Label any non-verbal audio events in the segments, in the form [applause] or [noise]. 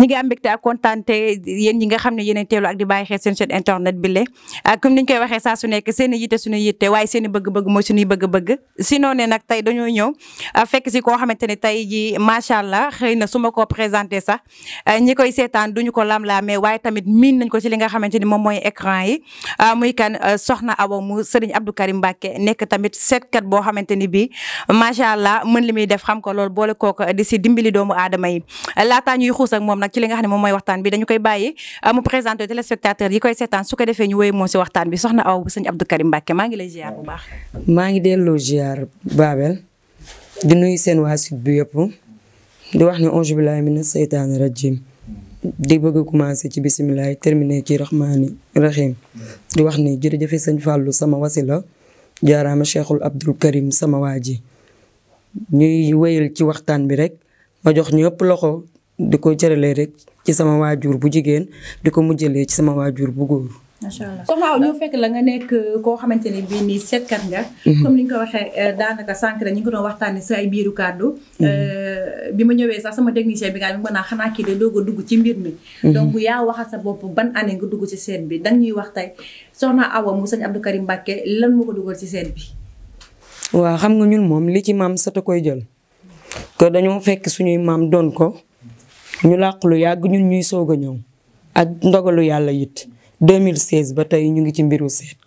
ñi ngi am mbégte ak kontaante yéen ñi nga xam ne yéen a teelu ak di seen chaîne internet bi le ah, comme niñ koy waxee saa su nekk seen i yitte suñu waaye seen bëgg-bëgg mooy suñuy bëgg-bëgg sinon ne nag tey dañoo a ah, fekk si koo xamante ne tey ji macha allah xëy na su ma ko présenté sax ah, ñi koy seetaan duñu ko lam-laamee waaye tamit miin nañ ko si li nga xamante ni moom mooy écran yi muy kan soxna Awa mu Serigne Abdou Karim Mbacké nekk tamit seetkat boo xamante ni bii macha allah mën li muy def xam ko loolu boole kooku di si dimbali doomu aadama yi ci li nga xam ne moom mooy waxtaan bi dañu koy bàyyi euh, mu présenté téléspectateur yi koy seetaan su ko defee ñu wéy moo si waxtaan bi soxna Awa bu sëñ Abdou maa ngi lay ziar bu baax. di nuyu seen waa bi yëpp di wax ne auzu billaahi mina seytaani rajim di bëgg commencé ci bisimilah terminé ci rahmaani rahim di wax ni jërëjëf sëñ Fallou sama wasila jaaraama cheikhul Abdul Karim sama waa ji ñuy ci waxtaan bi rek ma jox ñëpp loxo di ko jëralee rek ci sama waajur bu jigéen di ko mu mujjalee ci sama waajur bu góor. macha allah soxna ñu fekk la nga nekk koo xamante ni bii nii seetkat nga. Mhm. comme ni ñu ko waxee eh, daanaka sànq rek ñu ko doon waxtaanee si biiru kàddu. Mhm. Eh, bi ma ñëwee sax sama technicien bi nga xam naa xanaa kii de doog dugg ci mbir mi. Mhm. donc yaa waxal sa bopp ban année nga dugg ci seet bi dañ ñuy wax tey soxna Awa mu sëñ Abdou Karim Mbacke lan moo ko dugal ci seet bi. waaw xam nga ñun moom li ci maam sata koy jël. que dañoo fekk suñuy maam doon ko. ñu làq lu yàgg ñun ñuy soog a ñëw ak ndogalu yàlla yit it 2016 ba tey ñu ngi ci mbiru seet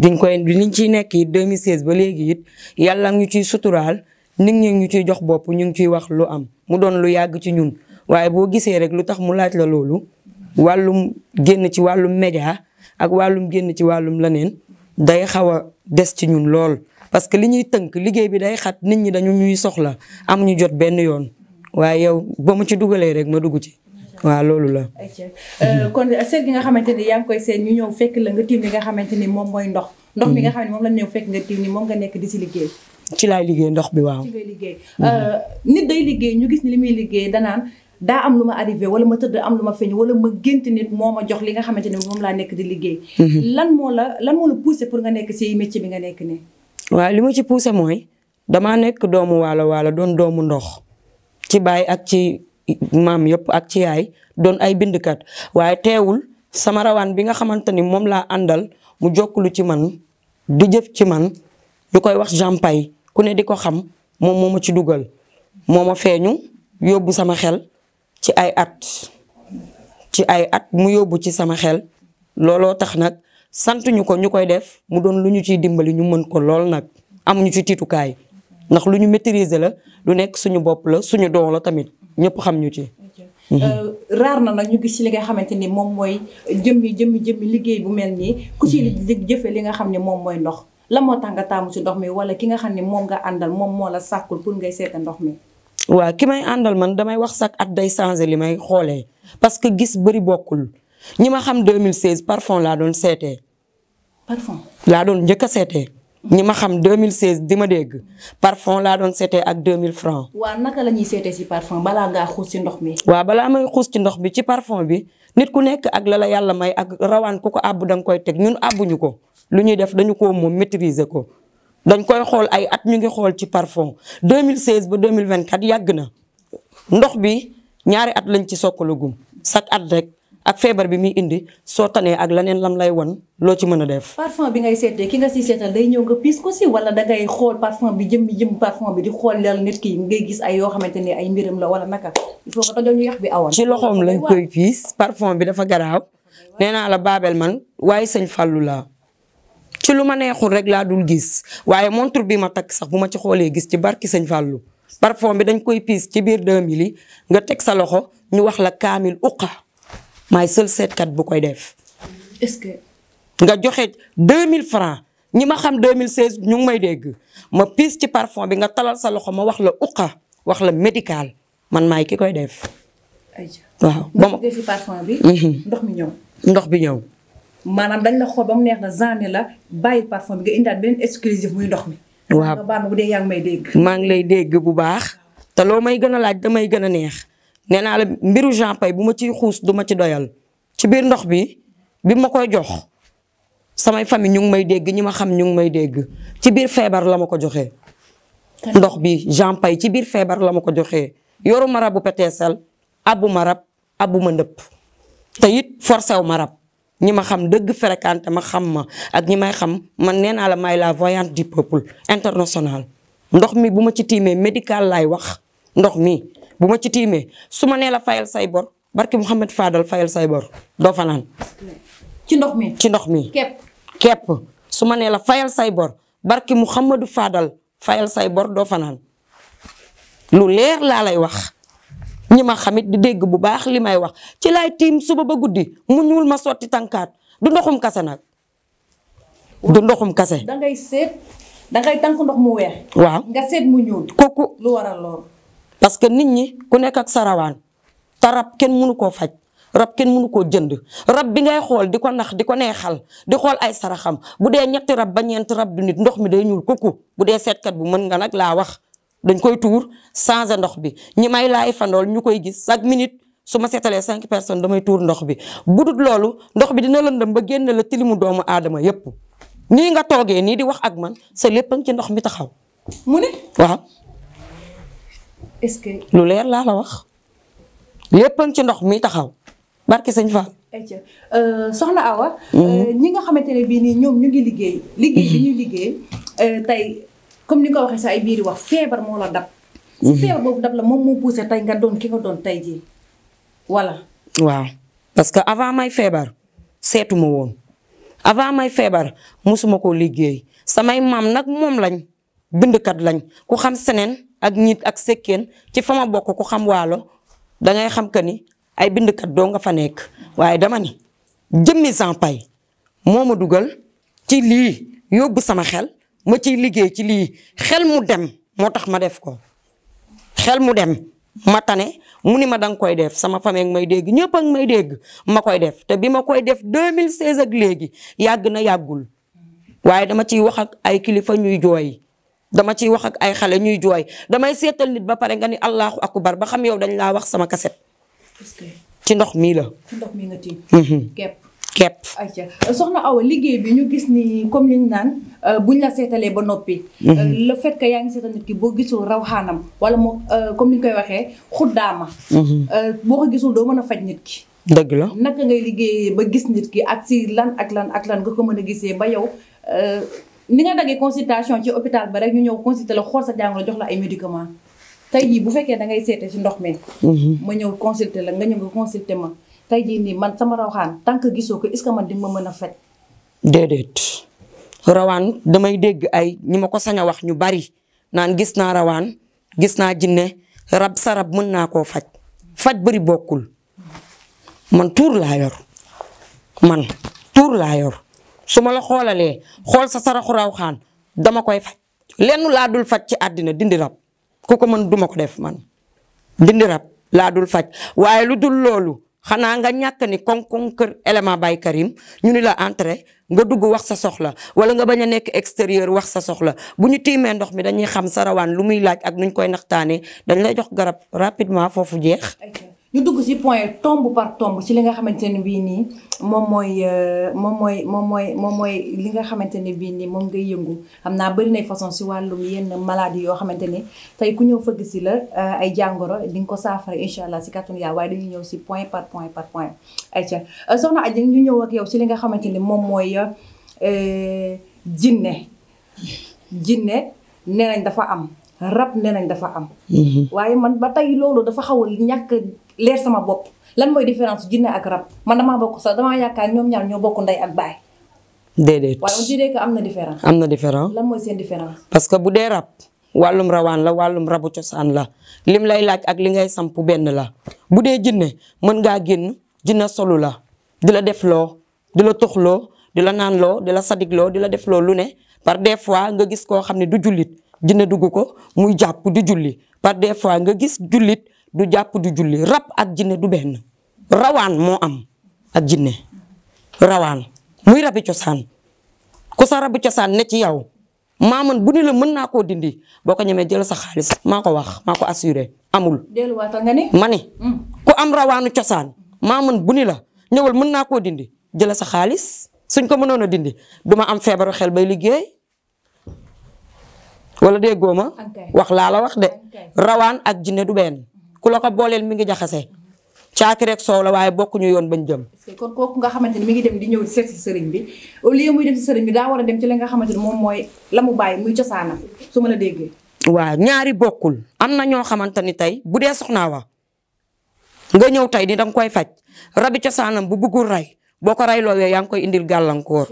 biñ koy liñ ciy nekk it 2016 ba léegi it yàlla ñu ciy suturaal nit ñi ñu ciy jox bopp ñu ngi ciy wax lu am mu doon lu yàgg ci ñun waaye boo gisee rek lu tax mu laaj la loolu wàllum génn ci wàllum média ak wàllum génn ci wàllum leneen day xaw a des ci ñun lool parce que li ñuy tënk liggéey bi day xat nit ñi dañu ñuy soxla am ñu jot benn yoon waaye yow ba mu ci dugalee rek ma dugg ci. waa loolu la. Euh, kon seet gi nga xamante ni yaa ngi koy seet ñu ñëw fekk la nga tiim li nga xamante ni moom mooy ndox. ndox mi nga xam ne moom la ñëw fekk nga tiim ni moom nga nekk di si liggéey. ci laay liggéey bi waaw. ci ngay liggéey euh, nit day liggéey ñu gis li muy liggéey danaan daa am lu ma arrivé wala ma am lu ma feeñ wala ma gént nit moo ma jox li nga xamante ne moom laa nekk di liggéey. Mhm. lan moo la lan moo pour nga nekk si métier bi nga nekk nii. waaw li ma ci poussé mooy damaa nekk doomu waalo waalo doon doomu ndox ci baay ak ci maam yëpp ak ci yaay doon ay bindkat waaye teewul sama rawaan bi nga xamante ni moom laa àndal mu jokkulu ci man di jëf ci man ñu koy wax jampay ku ne di ko xam moom moo ma ci dugal moo ma feeñu yóbbu sama xel ci ay at ci ay at mu yóbbu ci sama xel looloo tax nag sant ñu ko ñu koy def mu doon lu ñu ciy dimbali ñu mën ko lool nag amuñu ci tiitukaay ndax lu ñu maîtriser la lu nekk suñu bopp la suñu don la tamit ñëpp xam ñu ci. Euh, raar na nag ñu gis ci li nga xamante ni moom mooy jëmmi jëmmi jëmmi liggéey bu mel nii ku ci mhm. jëfe li nga xam ne moom mooy ndox la moo tax nga taamu ci ndox mi wala ki nga xam ne moom nga àndal moom moo la sàkkul pour ndox mi. waaw ki may àndal man damay wax sax at day changé li may xoolee parce que gis bëri bokkul ñi ma xam 2016 parfum laa doon seetee. parfum laa doon njëkk a seetee. ñi ma xam 2016 di ma dégg parfum laa doon seetee ak 2000 francs. waaw naka la ñuy seetee si parfum balaa ngaa xuus ci ndox mi. waa balaa may xuus ci ndox bi ci parfum bi nit ku nekk ak lala yàlla may ak rawaan ku ko àbb danga koy teg ñun àbbuñu ko lu ñuy def dañu ko moom maîtriser ko dañ koy xool ay at ñu ngi xool ci deux mille 2016 ba deux vingt 2024 yàgg na ndox bi ñaari at lañ ci sokkalagum chaque at rek. ak feebar bi muy indi soo tanee ak leneen lam lay wan loo ci mën a def. parfum bi ngay seetee ki nga si seetal day ñëw nga piis ko si wala da xool parfum bi jëm jëm parfum bi di xool leel nit ki ngay gis ay yoo xamante ne ay mbiram la wala naka il faut nga tojoo ñu yax bi awoon. ci lañ koy piis parfum bi dafa garaaw nee naa la baabeel man waaye sëñ Fallou laa. ci lu ma neexul rek laa dul gis waaye montre bii ma takk sax bu ma ci xoolee gis ci barki sëñ Fallou parfum bi dañ koy piis ci biir 2000 yi nga teg sa loxo ñu wax la kaamil uqa maay seul seetkat bu koy def. est-ce que. nga joxe 2000 francs ñi ma xam 2016 ñu ngi may dégg ma piis ci parfum bi nga talal sa loxo ma wax la uqa wax la médical man maay ki koy def. waaw ba ma defi parfum bi. Mhm. ndox mi ñëw. ndox bi ñëw. maanaam dañ la xool ba mu neex na genre la bàyyi parfum bi nga indaat beneen exclusif muy ndox mi. waaw nga bu dee yaa may dégg. maa ngi lay dégg bu baax te loo may gën a laaj damay gën a neex. nee naa la mbiru Jean Paye bu ma ci xuus du ma ci doyal ci biir ndox bi bi ma koy jox samay famille ñu may dégg ñi ma xam ñu may dégg ci biir feebar la ma ko joxee. ndox bi Jean Paye ci biir feebar la ma ko joxee yoru ma bu peteesal abu ma rab abu ma ndëpp te it forcé wu ma rab ñi ma xam dëgg fréquenté ma xam ma ak ñi may xam man nee naa la may la voyante du peuple international ndox mi bu ma ci tiimee médical lay wax ndox mi. bu ma ci tiimee su ma nee la fayal say bor barki Mouhamed Fadal fayal say bor doo fanaan ci ndox mi ci ndox mi. képp su ma nee la fayal say bor barki Mouhamadou Fadal fayal say bor doo fanaan lu leer laa lay wax. ñi ma xamit di dégg bu baax li may wax ci laay tiim suba ba guddi mu ñuul ma sotti tànkaat du ndoxum kase nag du ndoxum kase. da seet da ngay tànk ndox mu weex. waaw nga parce que nit ñi ku nekk ak sarawaan rawaan te rab kenn mënu koo faj rab kenn mënu koo jënd rab bi ngay xool di ko nax di ko neexal di xool ay saraxam bu dee ñetti rab ba ñeenti rab du nit ndox mi day ñuul kukku bu dee kat bu mën nga nag laa wax dañ koy tuur changé ndox bi ñi may laay fandool ñu koy gis chaque minute su ma seetalee cinq personne damay tuur ndox bi bu dul loolu ndox bi dina lëndëm ba génn la tilimu doomu aadama yépp nii nga toogee nii di wax ak man sa lépp a ci ndox mi taxaw mu ne est-ce que. lu leer laa la wax lépp ci ndox mi taxaw barki sëñ Fall. Euh, soxna Awa. Mhm. Euh, ñi nga xamante ne bii nii ñoom ñu ngi liggéey. liggéey bi mhm. liggéey euh, tey comme ni nga ko waxee sa ay biir wax feebar moo la dab. si mhm. feebar boobu dab la moom moo poussé tey nga doon ki nga doon tey jii voilà. waaw parce que avant may feebar seetuma woon avant may feebar musuma koo liggéey samay maam nag moom lañ bindkat lañ ku xam seneen ak ñit ak sekkeen ci fama ma bokk ku xam waalo dangay xam que ni ay bindkat doo nga fa nekk waaye dama ni jëmmi sampay moo ma dugal ci lii yóbbu sama xel ma ciy liggéey ci lii xel mu dem moo tax ma def ko xel mu dem ma tane mu ni ma danga koy def sama famille may dégg ñëpp ak may dégg ma koy def te bi ma koy def 2016 ak léegi yàgg na yàggul waaye dama ciy waxak ay kilifa ñuy jooy dama ciy wax ak ay xale ñuy jooy damay seetal nit ba pare nga ni allahu akbar ba xam yow dañ laa wax sama kaset ci ndox mii la. ci ndox mii nga tiim. Mhm. képp képp. ayca soxna Awa liggéey bi ñu gis nii comme ni naan bu euh, buñ la seetalee ba noppi. Mhm. Euh, le fait yaa ngi seetal nit ki boo gisul raw xaanam wala moo euh, comme ni ñu koy waxee xuddaama. Mhm. boo ko gisul doo mën a faj nit ki. dëgg la naka ngay liggéeyee ba gis nit ki ak si lan ak lan ak lan nga ko mën a gisee ba yow ni nga daggee consultation ci hôpital ba rek ñu ñëw consulter la xool sa jàngoro jox la ay médicament tey jii bu fekkee da ngay seete ci ndox mi. Mhm. ma ñëw consulter la nga ñëw nga ma tey jii nii man sama rawxaan tant que gisoo ko est-ce que man di ma mën a faj. déedéet damay dégg ay ñi ma ko sañ wax ñu bari naan gis naa rawaan gis naa jinne rab sa rab mën naa koo faj faj bari bokkul man tuur laa yor man tuur laa yor. su ma la xoolalee xool sa saraxu raw xaan dama koy faj lenn laa dul faj ci àddina dindi rab ku ko mën duma ko def man dindi rab laa dul faj waaye lu dul loolu xanaa nga ñàkk ni koŋ-koŋ kër élément bay Karim ñu ni la entrée nga dugg wax sa soxla wala nga bañ a nekk extérieur wax sa soxla bu ñu tiimee ndox mi dañuy xam sa rawaan lu muy laaj ak nuñ koy naxtaanee dañu lay jox garab rapidement foofu jeex. ñu dugg ci point tomb par tomb ci li nga xamante ne bii nii moom mooy euh, moom mooy moom mooy moom mooy li nga xamante ne bii nii moom ngay yëngu xam naa bëri nay façon si wàllum yenn maladie yoo xamante ni tey ku ñëw fëgg si la euh, ay jàngoro di nga ko saafara incha allah ci kàttanu Yàlla waaye dañu ñëw si point par point par point ay ca a Adja ñu ñëw ak yow ci li nga xamante ni moom mooy euh, jinne jinne nee nañ dafa am rab nee nañ dafa am mm-hmm. waaye man ba tey loolu dafa xawal leer sama bopp lan mooy différence jinne ak rab man damaa bokk sax dama yaakaar ñoom ñaar ñoo bokk ndey ak baay. déedéet waaye on am na différence. am na différence lan mooy seen différence. parce que bu dee rab wàllum rawaan la wàllum rabu cosaan la lim lay laaj ak li ngay samp benn la bu dee jinne mën ngaa génn jinne solu la di la def loo di la tox loo di la naan loo di la sadig loo di la def loo lu ne par des fois nga gis koo xam ne du jullit jinne dugg ko muy jàpp di julli par des fois nga gis jullit. du jàpp du julli rab ak jinne du benn rawaan moo am ak jinne rawaan muy rabi cosaan ku sa rabi cosaan ne ci yow maa bu ni la mën naa koo dindi boo ko ñemee jël sa xaalis maa ko wax maa ko assuré amul. delluwaat mm. ku am rawaanu cosaan maa bu ni la ñëwal mën naa koo dindi jël sa xaalis suñ ko mënoon a dindi duma am feebaru xel bay liggéey. wala déggoo ma wax laa la wax de rawaan ak jinne du benn. ku la ko booleel mi ngi jaxase caaki rek soow la waaye bokkuñu yoon ba jëm. est-ce que kon kooku nga xamante ni mi ngi dem di ñëw di seet si sëriñ bi au lieu muy dem si sëriñ bi daa war a dem ci la nga xamante ni moom mooy la mu bàyyi muy cosaanam su ma la déggee. waaw ñaari bokkul am na ñoo xamante ni tey bu dee soxnaawa nga ñëw tey ni danga koy faj rabi cosaanam bu bëggul rey boo ko rey yaa ngi koy indil gàllankoor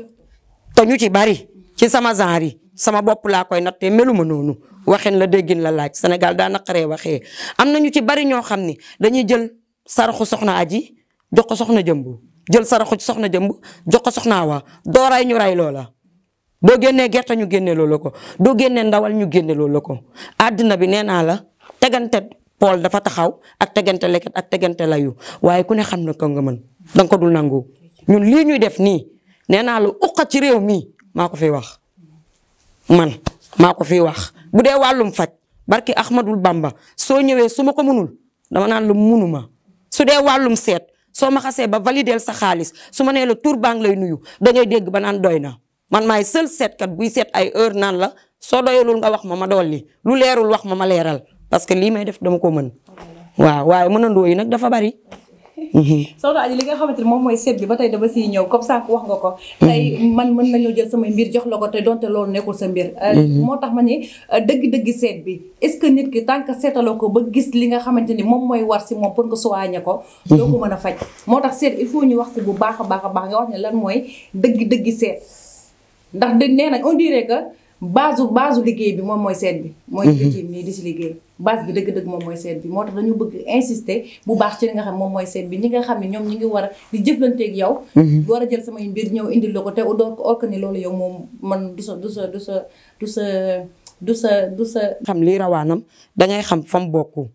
te ñu ci bari ci sama genre yi sama bopp laa koy nattee meluma noonu waxin la déggin la laaj senegal daa naqaree waxee am na ñu ci bari ñoo xam ni dañuy jël saraxu soxna aji jox ko soxna jëmbu jël saraxu soxna jëmbu jox ko soxna awa doo ray ñu ray loola. doo génnee gerte ñu génne loola ko doo génnee ndawal ñu génne loola ko àddina bi nee naa la tegante pool dafa taxaw ak tegante leket ak tegante layu waaye ku ne xam na ko nga mën danga ko dul nangu ñun lii ñuy def nii nee naa la uqa ci réew mi maa ko fi wax. man maa ko fi wax bu dee wàllum faj barki Ahmadul Bamba soo ñëwee su ma ko mënul dama naan la mënuma su dee wàllum seet soo ma xasee ba valideel sa xaalis su ma nee la tur baa ngi lay nuyu da ngay dégg ba naan doy na man maay seul seetkat buy seet ay heure naan la soo doyalul nga wax ma ma li lu leerul wax ma ma leeral parce que lii may def dama ko mën waaw waaye mënandoo yi nag dafa bari Mm-hmm. soxna Aji li nga xamante ne moom mooy seet bi ba tay dama siy ñëw comme sànq wax nga ko tey mm-hmm. man mën nañoo jël samay mbir jox la ko te donte loolu nekkul sa mbir euh, mm-hmm. moo tax ma ne euh, dëgg-dëgg seet bi est-ce que nit ki tant seetaloo ko ba gis li nga xamante ni moom mooy war si moom pour nga soigné ko doo mën a faj moo tax seet il faut ñu wax si bu baax a baax baax nga wax ne lan mooy dëgg-dëgg seet ndax nee nañ on dirait que base base liggéey bi moom mooy seet bi. mooy mhm. équipe di si liggéey. base bi dëgg-dëgg moom mooy seet bi moo tax dañu bëgg insister bu baax ci li nga xam moom mooy seet bi ñi nga xam ne ñoom ñi ngi war a di jëflanteeg yow. Mhm. war a jël samay mbir ñëw indil la ko te doo ko ni loolu yow moom man du sa du sa du sa du sa du sa du sa. xam lii rawaanam da xam fa mu bokk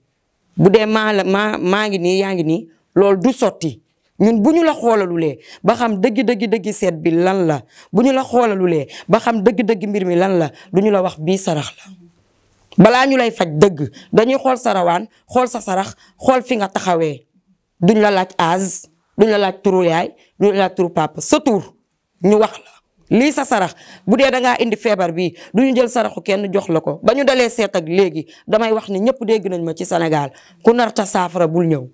bu dee maa la maa maa ngi nii yaa ngi nii loolu du sotti. ñun bu ñu la xoolalulee ba xam dëgg dëgg dëgg seet bi lan la bu ñu la xoolalulee ba xam dëgg dëgg mbir mi lan la du ñu la wax bii sarax la balaa ñu lay faj dëgg dañuy xool sarawaan xool sa sarax xool fi nga taxawee duñ la laaj âge duñ la laaj turu yaay duñ la laaj turu papa sa tur ñu wax la. lii sa sarax bu dee da ngaa indi feebar bi du ñu jël saraxu kenn jox la ko ba ñu dalee seet ak léegi damay wax ni ñëpp dégg nañ ma ci Sénégal ku narta saafara bul ñëw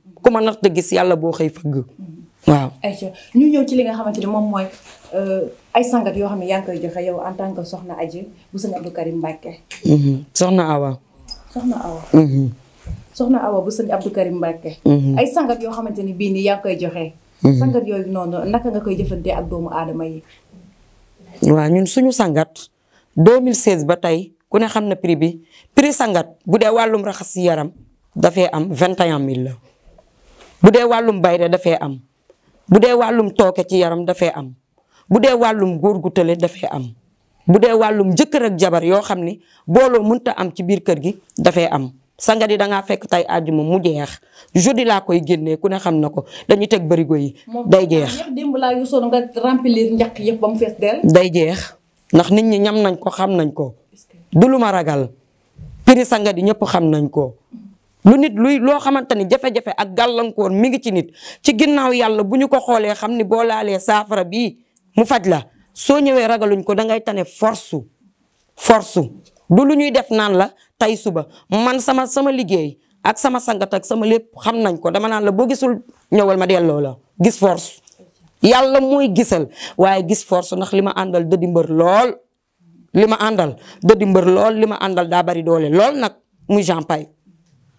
yàlla boo xëy waaw ayca ñu ñëw ci li nga xamante ni moom mooy euh, ay sangat yoo xam ne yaa koy joxe yow en tant que soxna aji bu sëñ Abdou Karim Mbacke. Mm-hmm. soxna Awa. soxna Awa. Mm-hmm. soxna Awa bu sëñ Abdou Karim Mbacke. Mm-hmm. ay sangat yoo xamante ni bii nii yaa koy joxe. sangat yooyu noonu naka nga koy jëfante ak doomu aadama yi. waa ñun suñu sangat 2016 ba tey ku ne xam na prix bi prix sangat bu dee wàllum raxas yaram dafee am 21000 la bu dee wàllum bayre dafee am. bu dee wàllum tooke ci yaram dafay am bu dee wàllum góor gu tële dafay am bu dee wàllum jëkkër ak jabar yoo xam ni booloo mënta am ci biir kër gi dafay am sanga di dangaa fekk tey àjjuma mu jeex jeudi laa koy génnee ku ne xam na ko dañuy teg bërigo yi day jeex démb laa yu sonn nga remplir njaq yëpp mu fees dell day jeex ndax nit ñi ñam nañ ko xam nañ ko du lu ma ragal piri sanga di ñëpp xam nañ ko lu nit luy loo xamante ni jafe ak gàllankoor mi ngi ci nit ci ginnaaw yàlla bu ñu ko xoolee xam ni boo laalee saafara bi mu faj la soo ñëwee ragaluñ ko dangay tane force force du lu ñuy def naan la tey suba man sama sama liggéey ak sama sangat ak sama lépp xam nañ ko dama naan la boo gisul ñëwal ma delloo la gis force yàlla mooy gisal waaye gis force ndax li ma àndal dëddi lool li ma àndal dëddi mbër lool li ma àndal daa bari doole lool nag muy Jean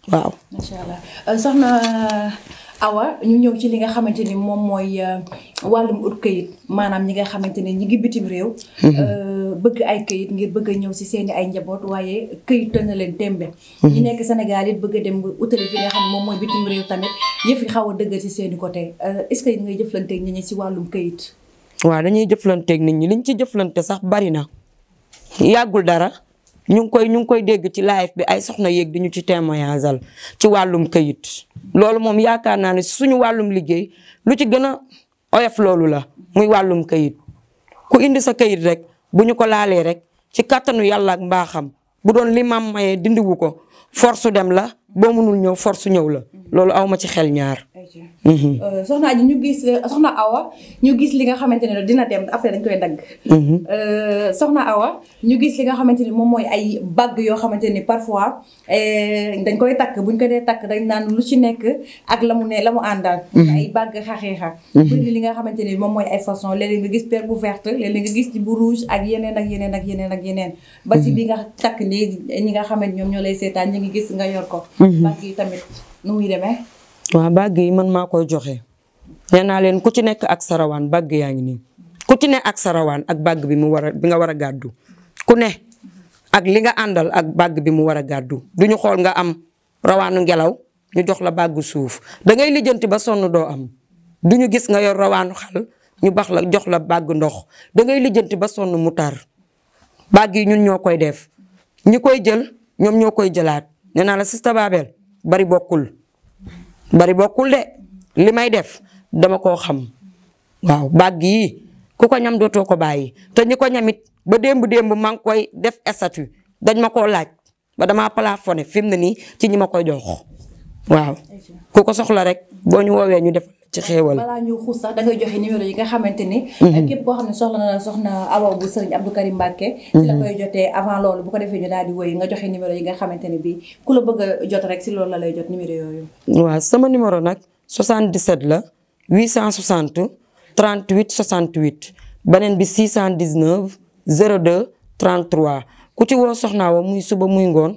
waaw. macha allah euh, soxna euh, Awa ñu ñëw ci li nga xamante ni moom mooy euh, wàllum ut këyit maanaam ñi nga xamante ne ñi ngi bitim réew. Mm-hmm. bëgg ay këyit ngir bëgg a ñëw si seeni ay njaboot waaye këyit na leen tembe. Mm-hmm. ñi nekk Sénégal it bëgg a dem utali fi nga xam ne moom mooy bitim réew tamit yëf yi xaw a dëggal si seeni côté est-ce que ngay jëflanteeg nit ñi si wàllum këyit. waaw dañuy jëflanteeg nit ñi liñ ci jëflante sax bari na yàggul dara. ñu ngi koy ñu ngi koy dégg ci live bi ay soxna yéeg di ñu ci témoignage ci wàllum kayit loolu moom yaakaar naa ne suñu wàllum liggéey lu ci gën a oyof loolu la muy wàllum kayit ku indi sa kayit rek bu ñu ko laalee rek ci kàttanu yàlla ak mbaaxam bu doon li maam mayee dindiwu ko force dem la boo mënul ñëw force ñëw la loolu aw ma ci xel ñaar. Mhm. Euh, soxna ji ñu gis euh, soxna Awa ñu gis li nga xamante ne dina dem après dañ koy dagg. Mhm. Euh, soxna Awa ñu gis li nga xamante ni moom mooy ay bague yoo xamante ni parfois eh, dañ koy takk buñ ko dee takk dañ naan lu ci nekk ak la mu ne la mu àndal. Mhm. ay bague xaxeexa. bëri li nga xamante ni moom mooy ay façon léeg-léeg nga gis paire bu vert léeg-léeg nga gis bu rouge ak yeneen ak yeneen ak yeneen ak yeneen. ba si bi nga takk nii ñi nga xamante ñoom ñoo lay seetaan ñu ngi gis nga yor ko. Mhm. bàgg yi tamit nu bàgg yi man maa koy joxe nee naa leen ku ci nekk ak sarawaan bàgg yaa ngi nii ku ci ne ak sarawaan ak bàgg bi mu war a bi nga war a gàddu ku ne ak li nga àndal ak bàgg bi mu war a gàddu du ñu xool nga am rawaanu ngelaw ñu jox la bàggu suuf da ngay lijjanti ba sonn doo am du ñu gis nga yor rawaanu xal ñu bax la jox la bàgg ndox dangay lijjanti ba sonn mu tar bàgg yi ñun ñoo koy def ñi koy jël ñoom ñoo koy jëlaat. nee la sista Babel bari bokkul bari bokkul de li may def dama koo xam waaw bàgg yi ku ko ñam dootoo ko bàyyi te ñi ko ñamit ba démb démb maa ngi koy def statut dañ ma koo laaj ba damaa plafonné fi mu ne nii ci ñi ma koy jox waaw ku ko soxla rek boo ñu woowee ñu def. ci xéewal balaa ñu xuus sax da ngay joxe numéro yi nga xamante ni mhm. képp koo xam ne soxla na soxna Awa bu la mhm. koy jotee avant loolu bu ko defee ñu daal di woy nga joxe numéro yi nga xamante ne bi ku la bëgg a jot rek si loolu la lay jot numéro sama numéro nag 77 la 860 38 beneen bi 619 02 33 ku ci woo soxnaa wa muy suba muy ngoon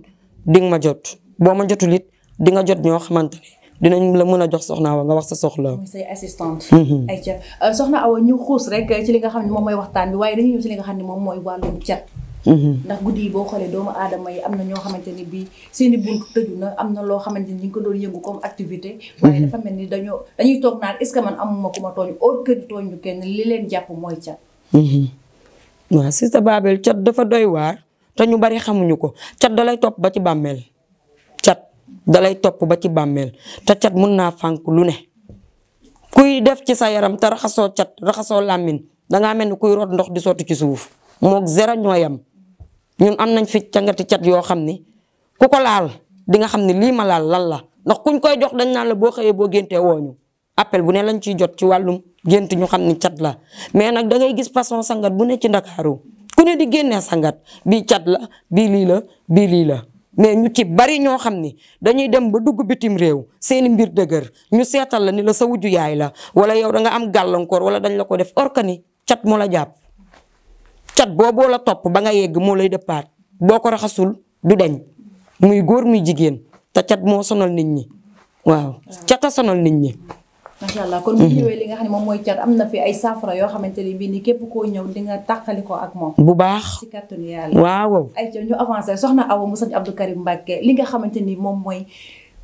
di ma jot boo ma jotul it di nga jot ñoo xamante dinañ la mën a jox soxna Awa nga wax sa soxla. muy say assistante. Mhm. ayca euh, soxna Awa ñu xuus rek ci li nga xam ne moom mooy waxtaan bi waaye dañuy ñëw ne moom mooy wàllum cat. Mhm. ndax boo xoolee doomu aadama yi am na ñoo xamante ni bii i bunt na am na loo xamante ni ñu ngi ko doon yëngu comme activité. Mhm. waaye dafa mel ni dañoo dañuy toog naan est-ce que man amuma ku ma tooñ oo kër tooñ ñu kenn li leen jàpp mooy cat. waaw si sa Babel cat dafa doy waar te ñu bari xamuñu ko cat da lay topp ba ci bàmmeel cat dalay topp ba ci bàmmeel te cat mun naa fànk lu ne kuy def ci sa yaram ta raxasoo cat raxasoo làmmiñ dangaa mel ni kuy root ndox di sotti ci suuf moog zéro ñooyam ñun am nañ fi cangati cat yoo xam ni ku ko laal di nga xam ne lii ma laal lan la ndox kuñ koy jox dañ naan la boo xëyee boo géntee wooñu appel bu ne lañ ciy jot ci wàllum gént ñu xam ni cat la mais nag da ngay gis façon sangat bu ne ci ndakaaru ku ne di génnee sangat bi cat la bii lii la bii la mais ñu ci bari ñoo xam ni dañuy dem ba dugg bitim réew seeni mbir dëgër ñu seetal la ni la sa wujju yaay la wala yow da nga am gàllankoor wala dañ la ko def orkani cat moo la jàpp cat booboo la topp ba nga yegg moo lay dëppaat boo ko raxasul du deñ muy góor muy jigéen te cat moo sonal nit ñi waaw cata sonal nit ñi macha allah kon bu mhm. ñëwee li nga xam ne moom mooy cat am na fi ay saafara yoo xamante ni bii ni képp koo ñëw di nga tàqali ko ak moom. bu baax ci kàttanu yàlla. waaw ay ca ñu avancé soxna aw mu sëñ Abdou Karim Mbacke li nga xamante ni moom mooy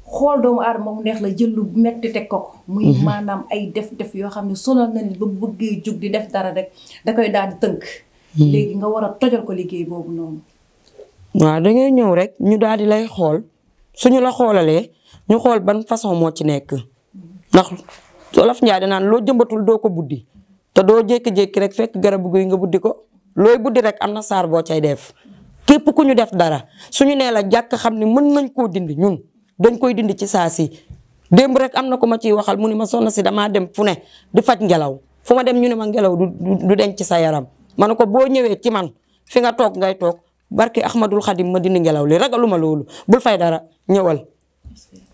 xool doomu aadama mu neex la jël lu metti teg ko ko. muy mhm. maanaam ay def-def yoo xam ne sonal na nit ba bëggee jug di def dara rek da koy daal di tënk. Mhm. léegi nga war a tojal ko liggéey boobu noonu. waaw dangay ñëw rek ñu daal di lay xool suñu la xoolalee ñu xool ban façon moo ci nekk Wolof Njaay da naan loo jëmbatul doo ko buddi te doo jékki-jékki rek fekk garabu guy nga buddi ko looy buddi rek am na saar boo cay def képp ku ñu def dara suñu nee la jàkk xam ni mën nañ koo dindi ñun dañ koy dindi ci saa si démb rek am na ko ma ciy waxal mu ni ma soxna si damaa dem fu ne di faj ngelaw fu ma dem ñu ne ma ngelaw du du denc sa yaram ma ne ko boo ñëwee ci man fi nga toog ngay toog barke Ahmadul Xadim ma dindi ngelaw li ragaluma loolu bul fay dara ñëwal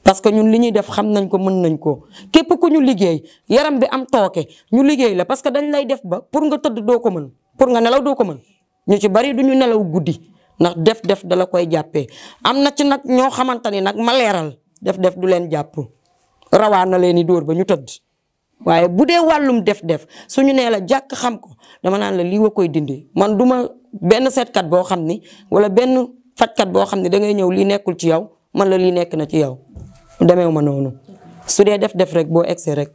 parce que ñun li ñuy def xam nañ ko mën nañ koo képp ku ñu liggéey yaram bi am tooke ñu liggéey la parce que dañ lay def ba pour nga tëdd doo ko mën pour nga nelaw doo ko mën ñu ci bari du ñu nelaw guddi ndax def-def dala koy jàppee am na ci nag ñoo xamante ni nag ma leeral def-def du leen jàpp rawaa na leen i dóor ba ñu tëdd waaye bu dee wàllum def-def su ñu nee la jàkk xam ko dama naan la lii wa koy dindi man du ma benn seetkat boo xam ni wala benn fajkat boo xam ni da ngay ñëw lii nekkul ci yow. man la lii nekk na ci yow demeewu ma noonu su dee def def rek boo egsee rek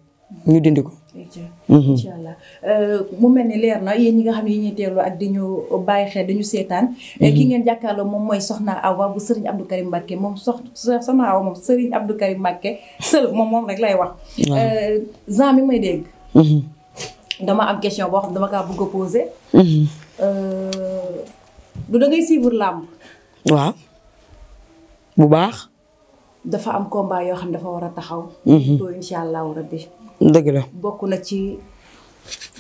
ñu dindi ko. Mhm. incha allah euh, mu mel ni leer na yéen ñi nga xam ne yéen ñuy teeloo ak dañu bàyyi xel dañu seetaan. Mhm. Euh, ki ngeen jàkkaarloo moom mooy Soxna Awa bu Serigne Abdou Karim moom sox Soxna Awa moom Serigne abdu Karim Mbacké sël moom moom rek lay wax. Euh, Jean bi may dégg. Mhm. dama am question boo xam dama kaa bëgg a poser. du da ngay suivre bu baax. dafa am combat yoo xam ne dafa war a taxaw. to mhm. incha allahu rabbi. dëgg la bokk na ci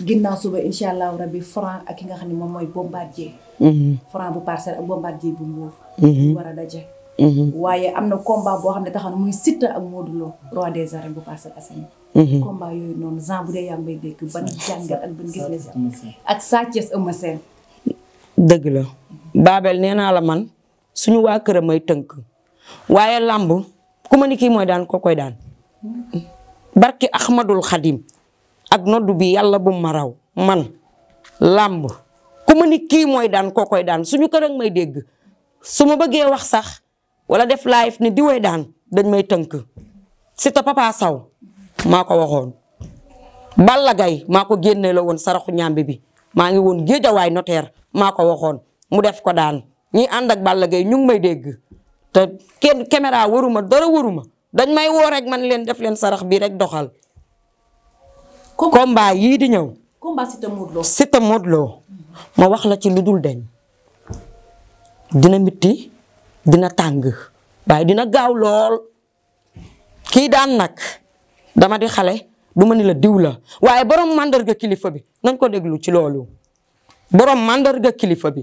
ginnaaw suba incha allahu rabbi franc ak ki nga xam ne moom mooy bombardier. Mhm. franc bu parcelle ak bombardier bu mbuur. Mhm. a waaye am na combat boo xam ne taxaw na muy Siteu ak Modou Lo roi des arènes combat yooyu noonu Jean bu dee yaa ngi may dégg ban ak ban gis-gis. ak dëgg la. Babel nee naa la man suñu waa këram ay tënk. waaye làmb ku ma ni kii mooy daan koo koy daan barki Ahmadul Xadim ak noddu bi yàlla bu ma raw man làmb ku ma ni kii mooy daan koo koy daan su kër ak may dégg su ma bëggee wax sax wala def live ne di way daan dañ may tënk Siteu Papa Sow maa ko waxoon Balla Gaye maa ko génne la woon saraxu ñàmbi bi maa ngi woon géejawaay notaire maa ko waxoon mu def ko daan ñi ànd ak Balla Gaye ñu ngi may dégg te kenn caméra waruma dara waruma dañ may woo rek man leen def leen sarax bii rek doxal. combat yii di ñëw. combat Siteu Modou Lo ma wax la ci lu dul deñ dina mitti dina tàng waaye dina gaaw lool kii daan nag dama di xale du ma ni la diw waaye boroom màndarga kilifa bi nañ ko déglu ci loolu boroom màndarga kilifa bi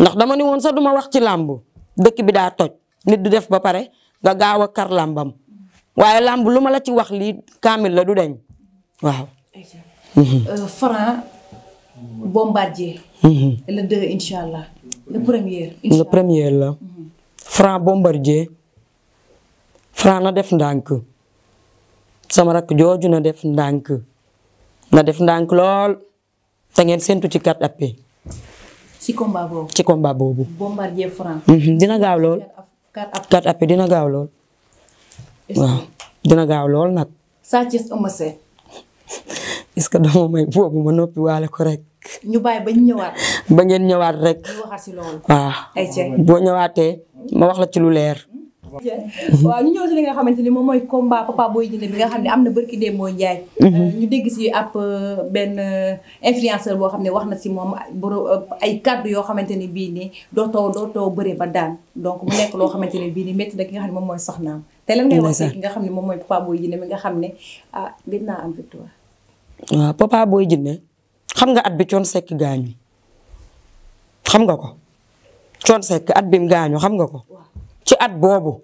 ndax dama ni woon sax duma wax ci làmb dëkk bi daa toj nit du def ba pare nga gaaw a kar làmbam waaye làmb lu ma la ci wax lii kaamil la du dañ waaw. Euh, Franc Bombardier. Mhm. le deux mhm. mhm. Bombardier Franc na def ndànk sama rakk jooju na def ndànk na def ndànk lool te ngeen séntu ci kat appe ci combat boobu. ci mhm. dina gaaw lool. quatre appuis dina gaaw lool. dina gaaw lool nag. Sa Thiès Eumeu Sène. [laughs] ce que dama may boobu ma noppi waale ko rek. ñu bàyyi ba ñu ñëwaat. ngeen ñëwaat rek. ñu ah. boo ñëwaatee ma wax la ci lu leer. waaw ñu ñëw si li nga xamante ni moom mooy combat papa booy jënd bi nga xam ne am na bërki dee mooy njaay ñu dégg si ab euh, benn euh, influenceur boo xam ne wax na si moom euh, ay kàddu yoo xamante ni bii nii doo too doo too daan donc mu nekk loo xamante ni bii nii métti na nga xam ne moom mooy soxnaam te lan ngay wax nga xam ne moom mooy papa booy jënd xam ne ah gën naa am victoire waaw papa booy jënd xam nga at bi coon sekk gaañu xam nga ko coon sekk at bi gaañu xam nga ko ci at boobu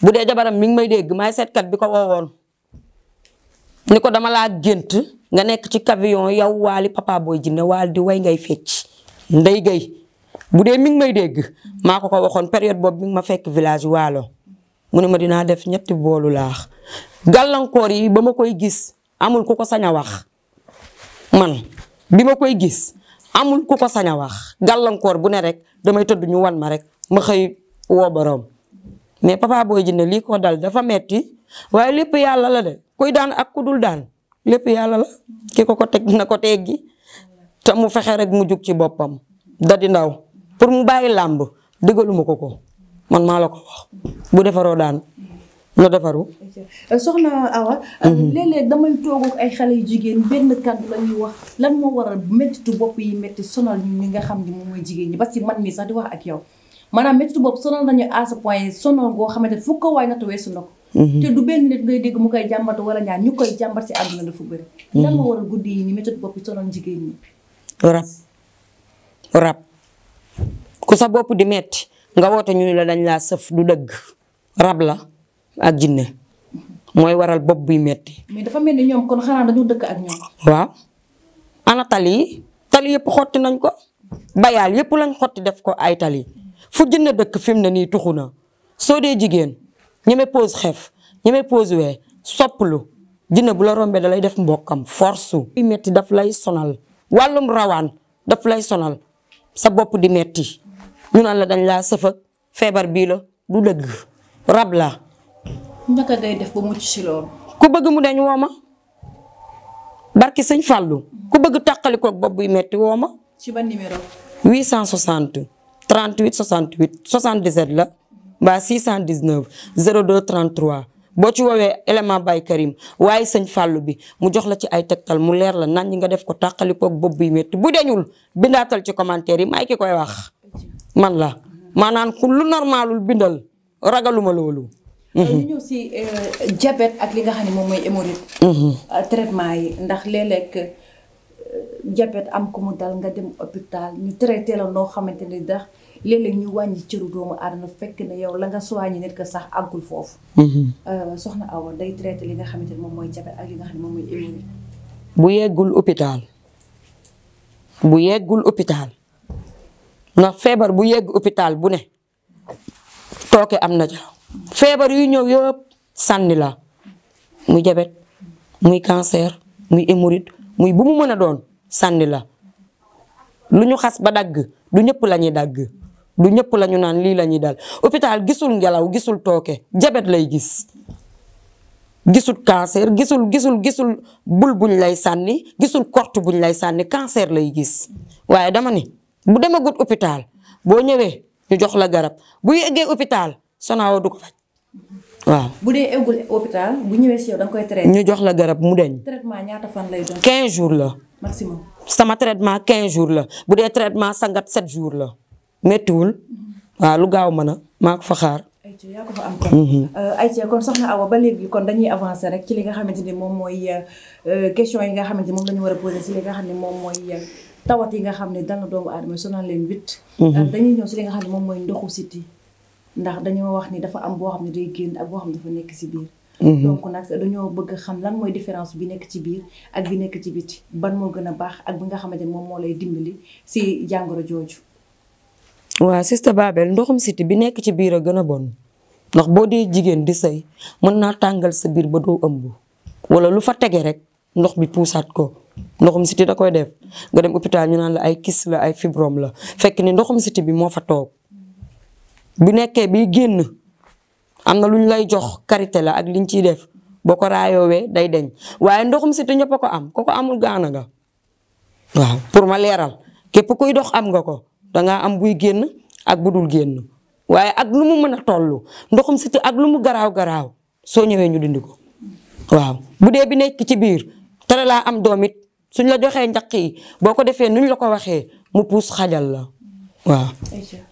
bu dee jabaram mi ngi may dégg maay seetkat bi ko woowoon ni ko dama laa gént nga nekk ci camion yow waali papa booy jinne waali di way ngay fecc ndey gay bu dee mi ngi may dégg maa ko ko waxoon période boobu mi ngi ma fekk village waalo mu ne ma dinaa def ñetti boolu laax gàllankoor yi ba ma koy gis amul ku ko saña wax man bi ma koy gis amul ku ko sañ wax gàllankoor bu ne rek damay tëdd ñu wan ma rek ma xëy woo borom mais papa booy jinne lii ko dal dafa metti waaye lépp yàlla la de kuy daan ak ku dul daan lépp yàlla la ki ko ko teg na ko teggi te mu fexe rek mu jug ci boppam da di ndaw pour mu bàyyi làmb digaluma ko ko man maa la ko wax bu defaroo daan no defaru euh, soxna Awa euh, mhm. léeg-léeg damay toog ay xale yu jigéen benn kàddu la wax lan moo waral méttitu bopp yi métti sonal ñi nga xam ni moom mooy jigéen ñi ba si man mii sax di wax ak yow maanaam métti boobu sonal nañu à ce point sonal goo xamante ne fukk waay natt weesu na ko mhm. te du benn nit ngay dégg mu koy jàmbatu wala ñaar ñu koy jàmbat si àdduna dafa bëri mhm. lan ma waral guddi yi ni métti bopp bi sonal rab rab sa bopp di metti nga woote ñu la dañ laa sëf du dëgg rab la ak jinne mooy waral bopp buy metti mais dafa mel ni ñoom kon xanaa dañu dëkk ak ñoom waa ana tali yi tali yëpp xotti nañ ko bayaal yëpp lañ xotti def ko ay tali fu jënd dëkk fi mu ne nii tuxu na soo dee jigéen ñeme pose xef ñeme pose we sopplu jënd bu la rombee lay def mbokkam force su metti daf lay sonal wàllum rawaan daf lay sonal sa bopp di metti ñu naan la dañ laa sëfëg feebar bii la du dëgg rab la naka ku bëgg mu deñ wooma barki sëñ Fallou ku bëgg tàqalikoog bopp buy metti wooma ci ban numéro 38 68 77 la mbaa 619 02 33 boo ci woowee élément Baye Karim waaye sëñ Fallou bi mu jox la ci ay tegtal mu leer la nan ñi nga def ko tàqali koog bopp bi métti bu deñul bindaatal ci commentaire yi maay ki koy wax man la maanaan ku lu normalul bindal ragaluma loolu. Euh, mhm. ñu ñëw si euh, diabète ak li nga xam ne moom mooy hémorroïde. Mhm. Euh, traitement yi ndax léeg-léeg diabète am ku mu dal nga dem hôpital ñu traité xamante ni léeg-léeg ñu wàññi cëru doomu aadama fekk ne yow la nga soigné nit ko sax àggul foofu. Mhm. Euh, soxna Awa day traité li nga xamante ne moom mooy jabet yeggul hôpital bu yeggul hôpital ndax feebar bu yegg hôpital bu ne tooke am na ca feebar yu ñëw yëpp sànni la muy jabet muy cancer muy hémorroïde muy bu mu mën a doon sànni la lu ñu xas ba dagg du ñëpp lañuy dagg. du ñëpp la ñu naan lii la ñuy dal hôpital gisul ngelaw gisul tooke jabet lay gis gisul cancer gisul gisul gisul bu buñ lay sànni gisul korte buñ lay sànni cancer lay gis waaye dama ni bu demagut hôpital boo ñëwee ñu jox la garab bu yeggee hôpital Sonawo du ko bu dee eggul hôpital bu ñëwee si da nga koy traité. ñu jox la garab mu deñ. traitement ñaata fan lay jours la. sama traitement 15 jours la bu dee traitement sangat 7 jours la. méttiwul waaw lu gaaw mën a maa ko fa xaar. yaa ko fa am kon. Mhm. Euh, ayca kon soxna Awa ba léegi kon dañuy avancer rek ci li nga xamante ni moom mooy euh, question yi nga xamante moom la war a poser si li nga xam ne moom mooy euh, tawat yi nga xam ne dal na doomu aadama sonal leen wit. Mhm. dañuy ñëw si li nga xam ne moom mooy ndoxu siti ndax dañoo wax ni dafa am boo xam ne day génn ak boo xam ne dafa nekk si biir. Mhm. donc nag dañoo bëgg xam lan mooy différence bi nekk ci biir ak bi nekk ci biti ban moo gën a baax ak bi nga xamante ni moom moo lay dimbali si jàngoro jooju. waaw sista Babel ndoxum siti bi nekk ci biir a gën a bon ndax boo dee jigéen di sëy mën naa tàngal sa biir ba doo ëmb wala lu fa tege rek ndox bi puusaat ko ndoxum siti da koy def nga dem hôpital ñu naan la ay kis la ay fibrom la fekk ni ndoxum siti bi moo fa toog bu nekkee bi génn am na lu ñu lay jox karité la ak liñ ciy def boo ko raayoowee day deñ waaye ndoxum siti ñëpp a ko am ko ko amul gaana nga waaw pour ma leeral képp kuy dox am nga ko dangaa am buy génn ak bu dul génn waaye ak lu mu mën a tollu ndoxum siti ak lu mu garaaw garaaw soo ñëwee ñu dindi ko waaw bu dee bi nekk ci biir tere laa am doom suñ la joxee njaq yi boo ko defee nuñ la ko waxee mu puus xajal la waaw.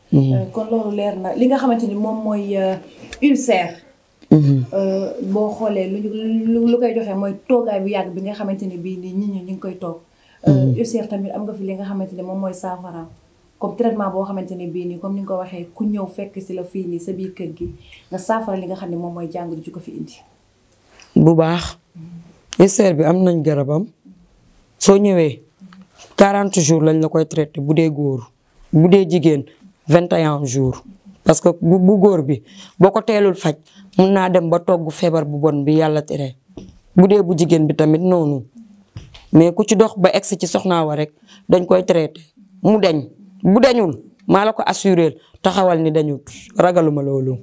Euh, kon loolu leer na li nga xamante ni moom mooy euh, ulcère. Mhm. Euh, boo xoolee lu lu koy joxe mooy toogaay bu yàgg bi nga xamante ni bii nii nit ñi ñu ngi koy toog. Mhm. ulcère tamit am nga fi li nga xamante ni moom mooy saafara. comme traitement boo xamante ne bii nii comme ni nga ko waxee ku ñëw fekk si la fii nii sa biir kër gi nga saafara li nga xam ne moom mooy jàng ji ko fi bu baax. ulcère bi am nañ garabam. soo ñëwee. 40 jours lañ la koy traité bu dee góor bu dee jigéen 21 jours. parce que bu bu góor bi boo ko teelul faj mun naa dem ba togg feebar bu bon bi yàlla tere. bu dee bu jigéen bi tamit noonu. mais ku ci dox ba egsi ci soxnaawa rek dañ koy traité mu deñ bu dañul maa la ko assuré taxawal ni dañu ragaluma loolu.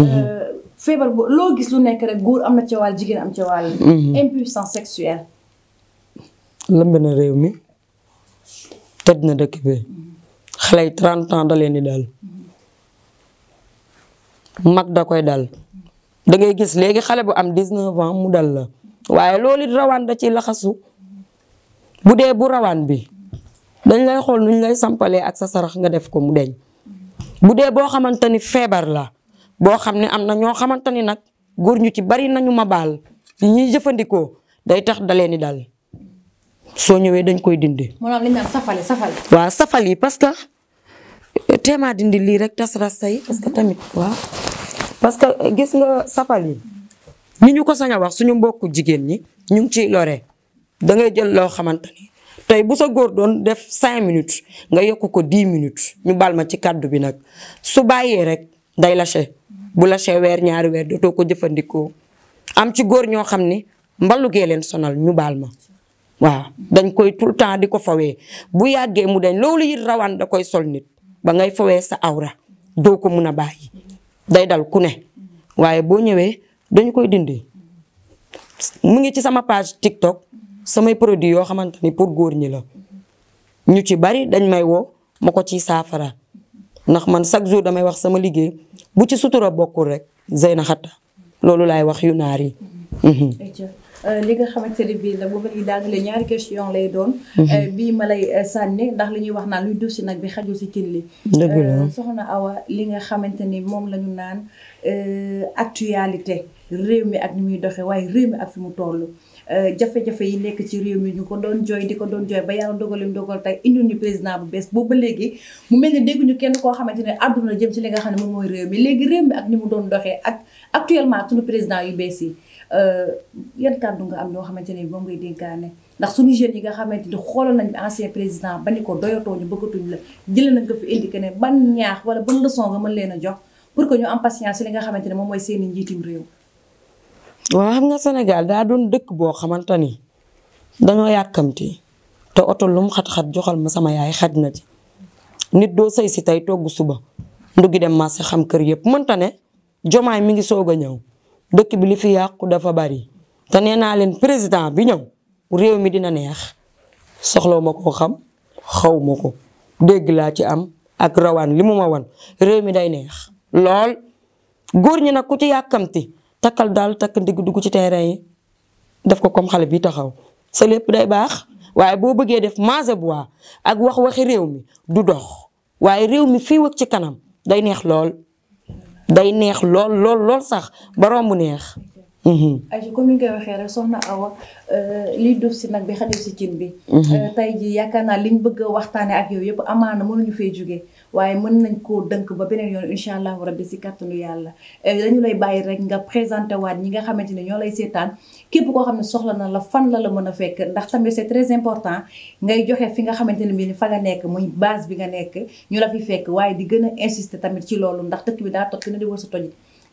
Euh, feebar loo gis lu nekk rek góor am na ci wàll jigéen am ci wàll. Mhm. impuissance sexuelle. lëmb na réew mi tëj na dëkk bi xale yi 30 da leen di dal mag da koy dal da ngay gis léegi xale bu am 19 ans mu dal la waaye loolu it rawaan da ciy laxasu bu dee bu rawaan bi. dañ lay xool nuñ lay sampalee ak sa sarax nga def ko mu deñ bu dee boo xamante ni feebar la boo xam ne am na ñoo xamante ni nag góor ñu ci bari nañu ma baal yi ñuy jëfandikoo day tax dalee ni daal soo ñëwee dañ koy dindi. maanaam li ñu safal yi parce que téema dindi lii rek tas ras say parce que tamit waaw parce que gis nga safal yi ni ñu ko sañ a wax suñu mbokku jigéen ñi ñu ngi ciy lore da jël loo xamante tey bu sa góor doon def cinq minutes nga yokk ko dix minutes ñu baal ma ci kàddu bi nag su bàyyee rek day lâché bu lâché weer ñaari weer dootoo ko jëfandikoo am ci góor ñoo xam ni mbalu leen sonal ñu baal ma waaw dañ koy tout temps di ko fawee bu yàggee mu dañ loolu it rawaan da koy sol nit ba ngay fawee sa awra doo ko mun a bàyyi day dal ku ne waaye boo ñëwee dañu koy dindi mu ngi ci sama page TikTok samay produit yoo xamante ni pour góor ñi la ñu ci bari dañ may woo ma ko ci saafara ndax man chaque jour damay wax sama liggéey bu ci sutura bokkul rek na xatta loolu laay wax yu naar yi. Mhm. Euh, li nga xamante ne bii la booba ñuy daangalee ñaari question lay doon. Mhm. Euh, bii ma lay euh, sànni ndax li ñuy wax naan luy dus si nag bi xajul si cin li. dëgg la soxna Awa li nga xamante ni moom lañu ñu naan actualité réew mi ak ni muy doxee waaye réew mi ak fi mu toll. Euh, jafe-jafe yi nekk ci réew mi ñu ko doon jooy di ko doon jooy ba yàlla dogalim dogal tey indi ñu président bu bees boobu ba léegi mu mel ni dégguñu kenn koo xamante ne àdduna jëm ci li nga xam ne moom mooy réew mi léegi réew ak ni mu doon doxee ak actuellement suñu président yu bees yi euh, yan kàddu nga am yoo xamante ne moom ngay dénkaane ndax suñu jeunes yi nga xamante ni xoolal nañ ancien président ba ni ko doyatoo ñu bëggatuñ la jëlee nañ ko fi indi ne ban ñaax wala ban leçon nga mën leen a jox pour que ñu am patience li nga xamante ne moom mooy seeni i réew waa xam na Sénégal daa doon dëkk boo xamante ni dañoo yàkkamti te oto lum xat-xat joxal ma sama yaay xaj na ci nit doo sëy si tey togg suba nduggi dem marché xam kër yëpp mënta ne jomaay mi ngi soog a ñëw dëkk bi li fi yàqu dafa bari te nee naa leen président bi ñëw réew mi dina neex soxlaw ma koo xam xaw ma ko dégg laa ci am ak rawaan li mu ma wan réew mi day neex lool góor ñi nag ku ci yàkkamti takkal daal takk ndigg dugg ci terrain yi def ko comme xale bi taxaw sa lépp day baax waaye boo bëggee def manger bois ak wax waxi réew mi du dox waaye réew mi fii wëg ci kanam day neex lool day neex lool lool lool sax ba romb neex. Mhm. aji comme ni nga waxee rek soxna Awa euh, liy duf si nag bi xajul si cin bi. Mhm. Euh, tey jii yaakaar naa liñ bëgg a ak yow yëpp amaana mënuñu fee jugee. waaye mën nañ koo dënk ba beneen yoon incha allah rabbi si kàttanu yàlla eh, dañu lay bàyyi rek nga présenté waat ñi nga xamante ne ñoo lay seetaan képp koo xam ne soxla na la fan la la mën a fekk ndax tamit c'est très important ngay joxe fi nga xamante ne bii ni fa nekk muy base bi nga nekk ñu la fi waaye di gën a insister tamit ci loolu ndax dëkk bi daa toj na di wër sa toj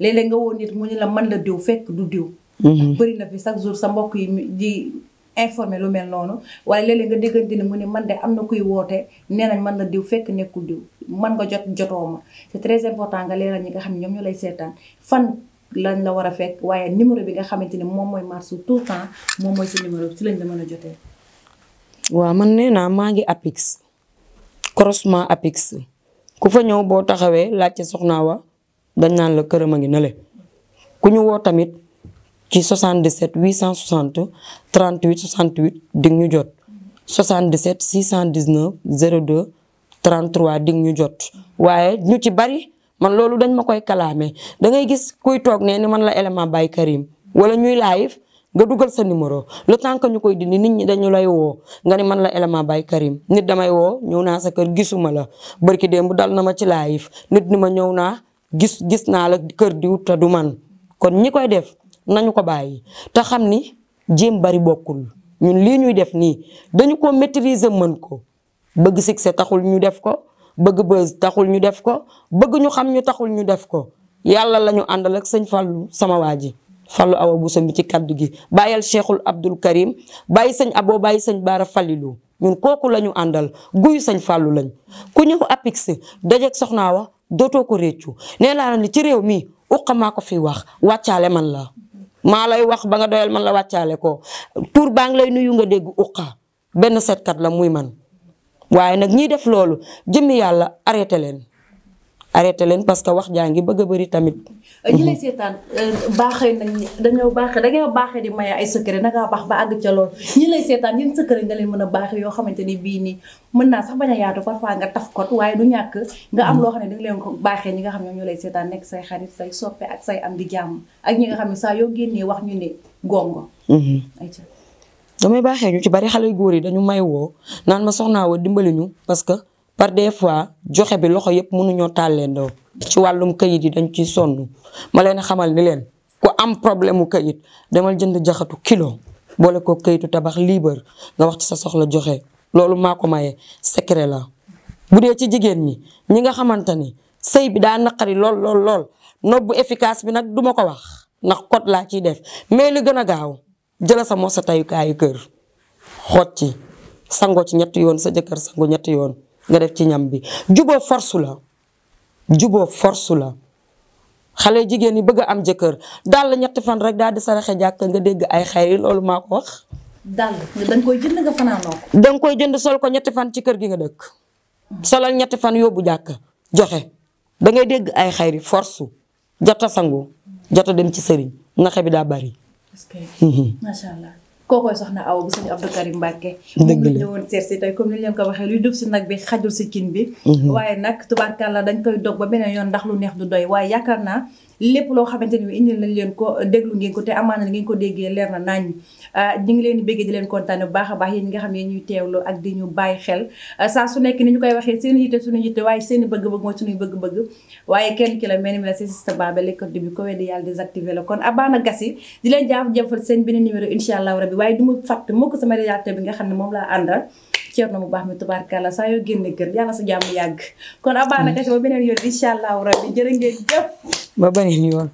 léeg-léeg nga woon nit mu ñu la mën la diw fekk du diw mm-hmm. bëri na fi chaque jour sa mbokk yi informé lu mel noonu waaye léeg-léeg nga déggante ni mu ne man de am na kuy woote nee nañ man na diw fekk nekkul diw man nga jot jotoo ma c'est très important nga leeral ñi nga xam ne ñoom ñu lay seetaan fan lañ la war a fekk waaye numéro bi nga xamante ni moom mooy marche tout le temps moom mooy sa numéro ci lañ la mën a jotee. waaw man nee naa maa ngi apix croisement apix ku fa ñëw boo taxawee laajte soxnaa wa dañ naan la këram a ngi nale ku ñu woo tamit. ci 77 860 38 68 di nga ñu jot 77 619 02 33 di nga ñu jot waaye ñu ci bari man loolu dañ ma koy kalaame da ngay gis kuy toog ne ni man la élément Baye Karim wala ñuy live nga dugal sa numéro le temps que ñu koy dindi nit ñi dañu lay woo nga man la élément Baye Karim nit damay woo ñëw naa sa kër gisuma la barki démb dal na ma ci live nit ni ma ñëw naa gis gis naa la kër diw te du man kon nañu ko bàyyi te xam ni jéem bari bokkul ñun lii ñuy def nii dañu ko maîtriser mën ko bëgg succès taxul ñu def ko bëgg taxul ñu def ko bëgg ñu xam ñu taxul ñu def ko yàlla la ñu àndal ak sëñ Fallou sama waa ji Fallou Awa Bousso mi ci kaddu gi bàyyal Cheikhul Abdul Karim bàyyi sëñ aboo bàyyi sëñ Baara Falilou ñun kooku lañu àndal guyu sëñ fàllu lañ ku ñëw apix dajeeg soxnaa wa dootoo ko réccu nee naa ni ci réew mi uqa maa ko fi wax wàccaale man la maa lay wax ba nga doyal man la wàccaale ko pour baa ngi lay nuyu nga dégg uqa benn setkat la muy man waaye nag ñiy def loolu jëmmi yàlla arrêté leen arrêté leen parce que wax jaa ngi bëgg a bëri tamit. ñi lay seetaan euh, baaxee nañ dañoo baaxee da ngay baaxee di ay secret dangaa baax ba àgg ca lool ñi lay seetaan yéen secret nga leen mën a baax yoo xamante ni bii nii mën naa sax bañ a yaatu parfois nga taf kot waaye du ñàkk nga am loo xam ne da leen ko baaxee ñi nga xam ne ñoo lay seetaan nekk say xarit say soppe ak say am di jàmm ak ñi nga xam ne saa yoo génnee wax ñu ne gongo. Mhm. ayca damay baaxee ñu ci bari xale góor yi dañu may woo naan ma soxnaa woo dimbali ñu parce que par des fois joxe bi loxo yëpp mënuñoo tàlleendoo ci wàllum kayit yi dañ ciy sonn ma leen a xamal ni leen ku am problème mu kayit demal jënd jaxatu kilo boole ko kayitu tabax libre nga wax ci sa soxla joxe loolu maa ko maye la. bu dee ci jigéen ñi ñi nga xamante ni sëy bi daa naqari lool lool bi nag du ma ko wax ndax code laa ciy def mais li gën a gaaw jëla sa mos sa tayukaayu kër xoot ci sango ci ñetti yoon sa jëkkër sango ñetti yoon. nga def ci ñam bi juboo force la juboo force la xale jigéen ñi bëgg a am jëkkër dàll ñetti fan rek daal di saraxe jàkk nga dégg ay xayri loolu maa ko danga koy jënd danga koy jënd sol ko ñetti fan ci kër gi nga dëkk. solal ñetti fan yóbbu jàkk joxe dangay dégg ay xayri force jota sangu jota dem ci sëriñ naxe bi daa bari. [laughs] kookooy na aw bu suñu Abdou Karim Mbacke moom la ñëwoon seet si tey comme ni leen ko waxee luy dugg si nag bi xajul si kin bi mhm. waaye nag tubaarkàlla dañ koy dog ba beneen yoon ndax lu neex du doy waaye yaakaar naa lépp loo xamante ni indil nañ leen ko déglu ngeen ko te amaana ngeen ko déggee leer na naañ ah, ñi ngi leen di béggee di leen kontaan bu baax a baax yéen ñi nga xam ne ñuy teewlu ak di ñu bàyyi xel ah, saa su nekk ni ñu koy waxee seen yitte suñu yitte waaye seen bëgg-bëgg mooy suñuy bëgg-bëgg waaye kenn ki la mel ni la si sista Babel l'école bi ko weddi yàlla désactivé la kon Abana Gassi di leen jaaf jëfal seen beneen numéro incha allah rabbi waaye du ma fàtte sama réalisateur bi nga xam ne moom laa àndal ceer na mu baax mi kala saa yoo génne kër yàlla sa jàmm yàgg kon abaa naka si ba beneen yoon incha allahu rabbi jërë ngeen jëf ba beneen yoon